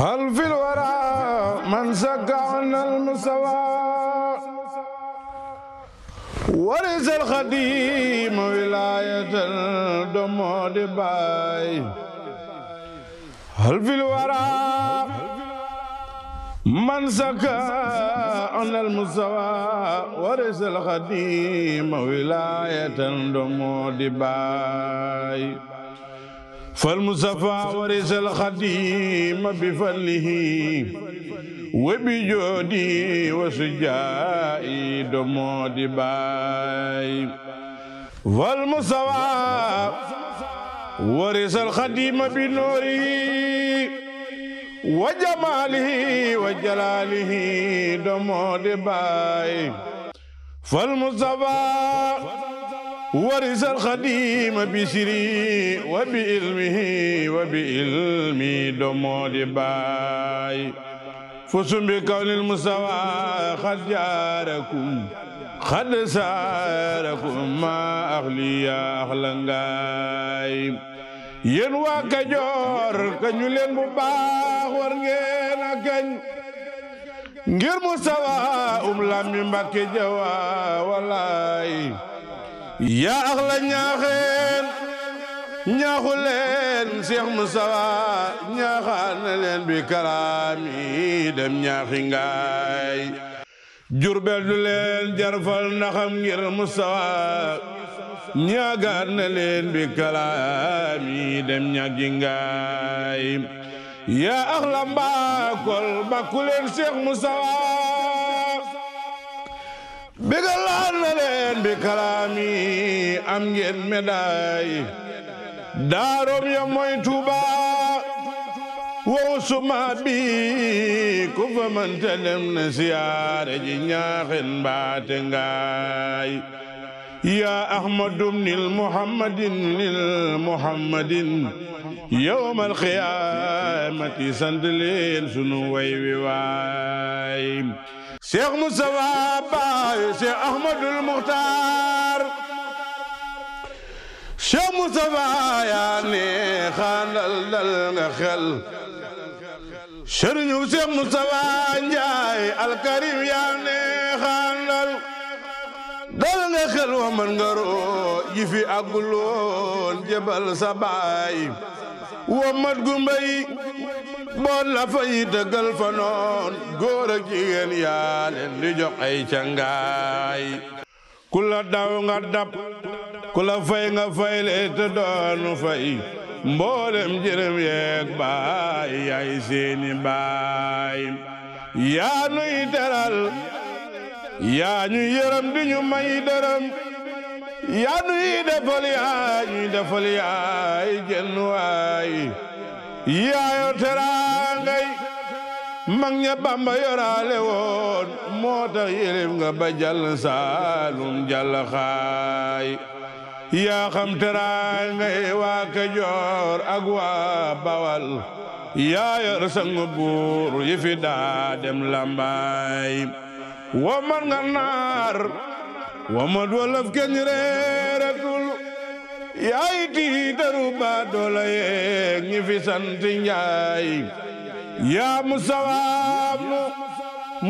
هل في الورى من زكى عنا المستوى ورث الخديم ولاية الدم دبي هل في الورى من زكى عنا المستوى ورث الخديم ولاية الدم دبي فالمصطفى ورث الخديم بفضله وبجودي وسجائي دمود باي والمصطفى ورث الخديم بنوره وجماله وجلاله دمود باي فالمصطفى ورث الخديم بسري وبإلمه وبإلمي دمود باي فسم بكون المستوى قد جاركم قد ساركم ما أخلي يا أخلنغاي ين واكا جور كنيو لين بو باخ ور ngeen ngir mustawa um lammi mbakke jawa walaay yaa ax la ñaaxeen ñaaxu leen Seex Musaa bi karaami dem ñaaxi ngaay jurbel du leen jarfal ndaxam ngir Musaa ñaagaan na leen bi karaami dem ñaaxi ngaay yaa ax la mbaakol bakku leen Seex Musaa bégalaan na leen bi kalaami am ngeen médaay daaroom ya mooy Tuuba wow suma bi ku fa mënta na siyaare ji ñaaxen mbaate ngaay yaa ahmadum nil muhammadin nil muhammadin yowmal qiyaamati sant sunu way wi waay cheikh Moustapha Baye cheikh Ahmadul Muxtaar cheikh Moustapha yaa neex dal nga xel sëriñu cheikh Njaay alkarim yaa neex xandal dal nga xel man nga roo fi àgguloon jëbal sa baay wa mat gumba yi moon la fay dëggal fa noon góor ak jigéen yaa leen di jox ay cangaay ku la daw nga dab ku la fay nga fay lee te doonu mboolem jërëm yeeg baay yaay seeni baay yaa nuy teral yaa ñuy yërëm di ñu may dërëm yaa nuy defal yaay ñuy waay yaayo teraangay mag ña bamba yoraale woon moo tax nga ba jàll saalum jàll xaay yaa xam teraangay waa kajoor ak waa bawal yaayor sangu buur yi fi daa lambaay wa man nga naar wa ma du walaf kenn reer yaay tiitaru baa doola yeeg ñi fi sant njaay yaa musawaab nu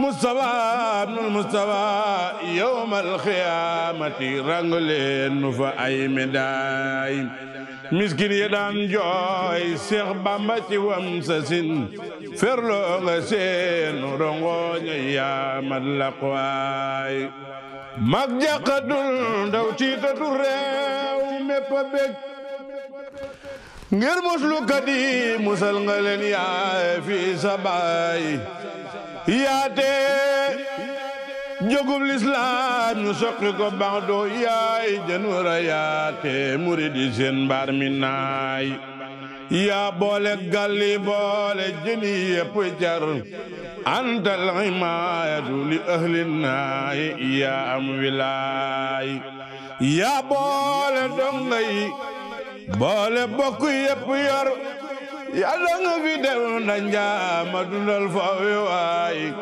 musawaab nu musawa yowmal xiyaamati nu fa ay médaay miskin yi daan jooy seex bamba ci wam sa sin ferloo nga seenu rongoña yaamat laqwaay mag jàqatul ndaw tiitatu réew mépp a bég ngir muslukat yi musal nga leen yaay fii yaate jógub lislaam ñu soqi ko bax doo yaay jënwar a yaate seen mbaar mi naay yaa boole galli boole jëli yëpp jar antal imaayatu li ahli naay yaa am wilaay yaa boole donga boole bokk yëpp yor yàlla nga fi dem na njaama dundal faw waay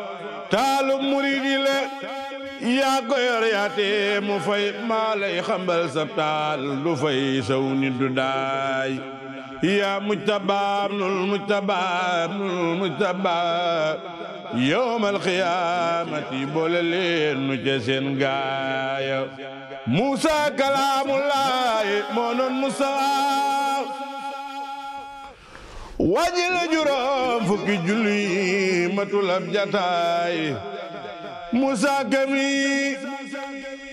taalu muridi le yaa ko yor yaatee fay maa lay xambal sa taal du fay saw du daay يا مجتبى ابن المجتبى ابن المجتبى يوم القيامة بوللين مجسن غاية موسى كلام الله مون موسى وجل جرام فكي جلي متلب جتاي Moussa Gami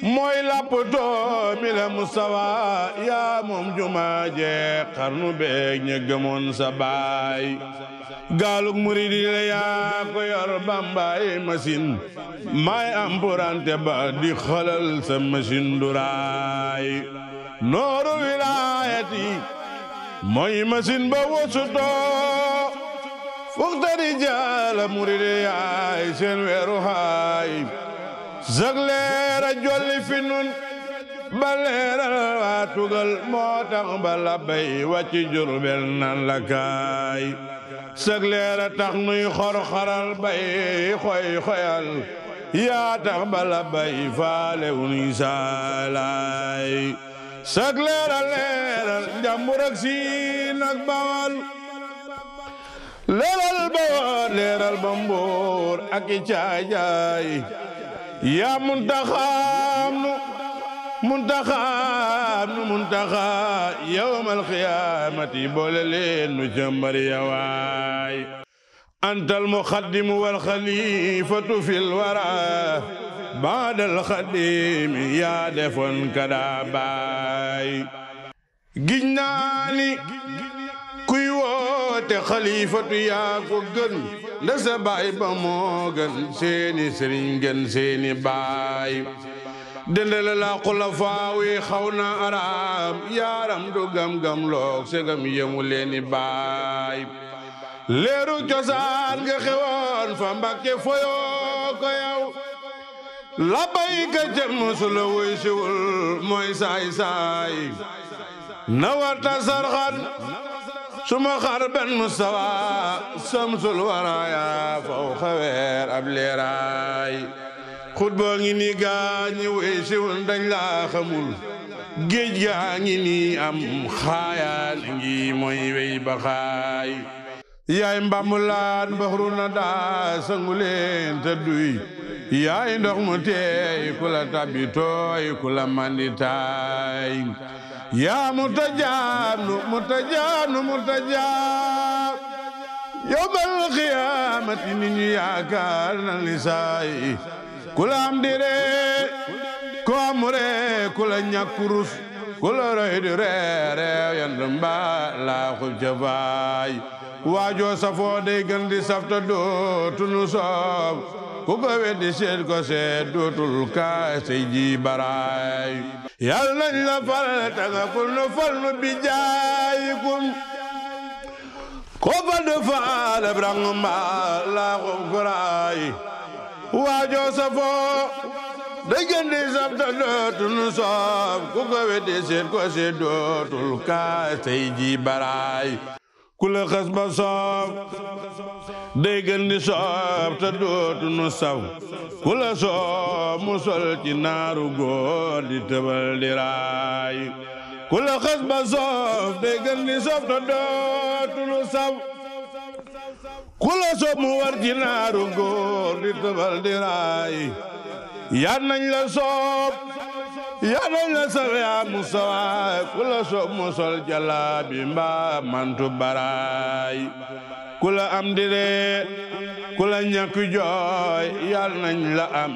mooy lappatoo mi la yaa moom juma je beeg ña gëmoon sa gaalug muridi la yaa ko yor bambaay machine maay emprunté ba di xalal sa machine duraay nooru wilaayati mooy machine ba wosutoo fuxtari jaala murid yaay seen weeru haay sag leera jolli fi nun ba leeral waa tugal moo tax ba labbay wàcci Jurbel nan la kaay sag leera tax nuy xorxaral bay xoy xoyal yaa tax ba labbay faale wunuy saalaay sag leera leeral njàmbur ak siin ak bawal leeral ba leeral ba mboor ak i caajaay yaa muntaxaam nu muntaxaam nu muntaxa yawmal qiyaamati boole leen nu jàmbari yawaay antal muqaddimu wal xalifatu fil wara baadal xadimi yaa defoon kada baay giñ naa ni te xalifatu yaa ko gën nda sa baay ba moo gën seeni sëriñ gën seeni baay dendale la xulafaa wi xaw na araam yaaram du gam-gam loog segam yemu leeni baay leeru cosaan nga xewoon fa mbàkke foyoo ko yow labbayka ca musula wuy siwul mooy saay-saay nawarta sarxan suma xarban mustawa samsul waraaya faw xaweer ab leeraay xutba ngi ni gaa ñi e wéy siwun dañ laa xamul géej gaa ngi ni am xaayaan ngi mooy wey ba xaay yaay mbambulaan na daa sangu leen yaay ndox mu teey ku la tabbi tooy ku la mandi taay yaa murtajaanu murtajaanu murtajaab yowmal qiyaamati ni ñu yaakaar na lisaay ku la am di ree ku la ñàkk ku la roy di ree reew yand mbaa laaxu jafaay waajoo safoo day gën di safta dootu nu soob ku ko weddi seet ko seet dootul ka sey baraay yal nañ la fal ta nga nu fal nu bi jaayikum ko fal nu faale brang ma la ko kuraay waajoo safoo dëggandi sab ta dootul soob ku ko weddi seet ko seet dootul ka sey baraay ku la xas ba soob day gën di soob te dootu nu saw ku la soob mu sol ci naaru góor di tëbal di raay ku la xas ba day gën di soob te dootu nu saw ku la soob mu war ci naaru góor di tëbal di raay yaan nañ la soob yàlla na sal yaa ku la so musal jalaabi mbaa mantu baraay ku la am diree ku la ñàkk jooy yàlla nañ la am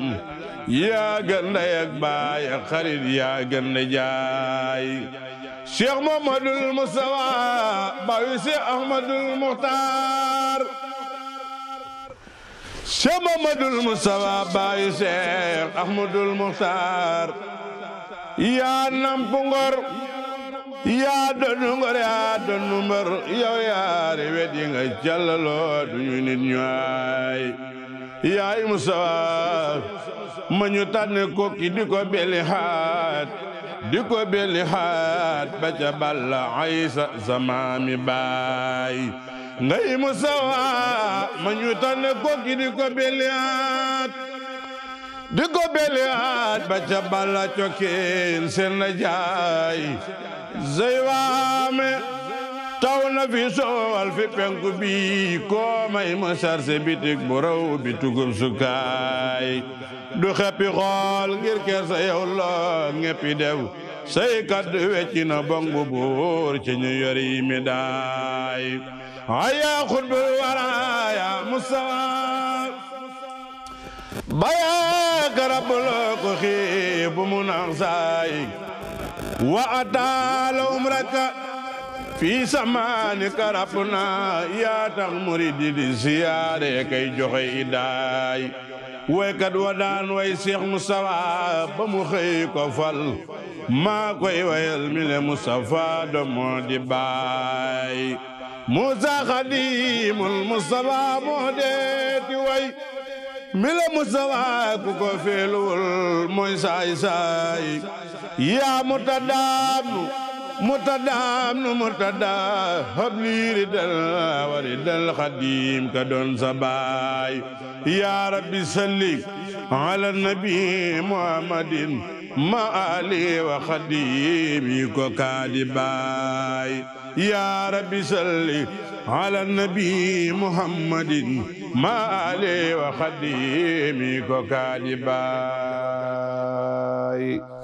yaa gën baay ak xarit yaa gën ndey jaay cheikh muhammadul musawa bawi cheikh ahmadul muxtaar yaa nampu ngor yaa donu ngor yaa donu mbër yow yaa rewe di nga jàllaloo duñu nit ñuwaay yaay musawaaf ma ñu tànne kokki di ko beli haat di ko beli haat ba ca balla aysa zamaami baay ngay musawaaf ma ñu tànne kokki di ko beli haat di ko beliyaat ba ca balla cokkeel seen na jaay zeywaame taw na fi soowal fi penku bi koo may ma sarse bitig bu raw bi sukaay du xeppi xool ngir ker sa yow ngeppi dew say kaddu wecci na bong bu buur ci ñu yor mi daay haya xutbul wara ya mustawa بياك رب الخيب منغزاي وأتال عمرك في سمانك ربنا يا تغمريد لزيارة كي جوخي إداي ويكد ودان ويسيخ مصطفى بمخي كفل ما كوي ويل من مصطفى دمو دي باي موسى خديم المصطفى مهديتي وي mi la mustawa ku ko feeluwul mooy saay saay yaa mutadaamnu mutadaamnu mutadaa habliiri dal wari dal xadiim ka doon sa baay yaa rabbi salli ala nabi muhammadin ma ali wa xadimi ko kaadi baay ya rabbi salli ala nabi muhammadin ma ali wa xadimi ko kaadi baay